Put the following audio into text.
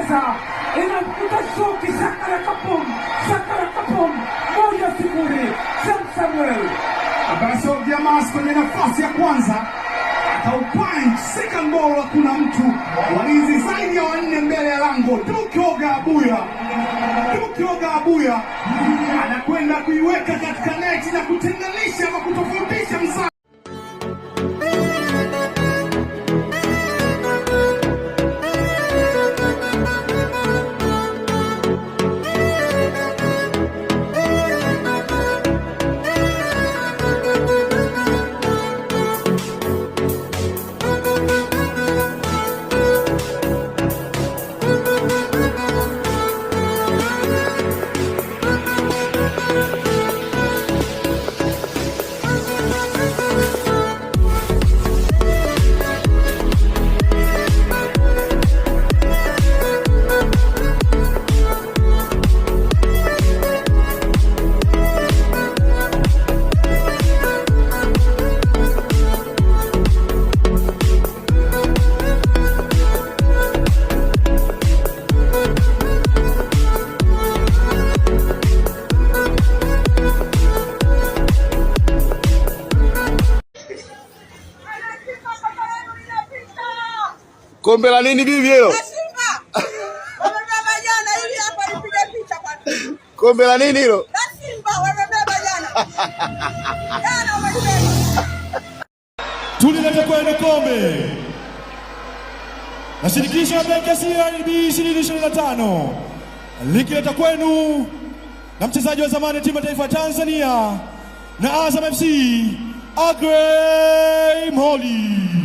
Uingereza inamkuta Soki Sakara Kapum, Sakara Kapum moja sifuri. Sam Samuel abasogia mas kwenye nafasi ya kwanza akaupanch second ball, hakuna mtu walizi zaidi ya wanne mbele ya lango. Dukioga Abuya, Dukioga Abuya anakwenda kuiweka katika neti na kutenganisha ama kutofautisha mzaa Kombe la nini bibi hilo? Kombe la nini hilo? Tulileta kwenu kombe la shirikisho la benki ya CRDB 2025 likileta kwenu na mchezaji wa zamani timu ya taifa ya Tanzania na Azam FC Agrey Moli.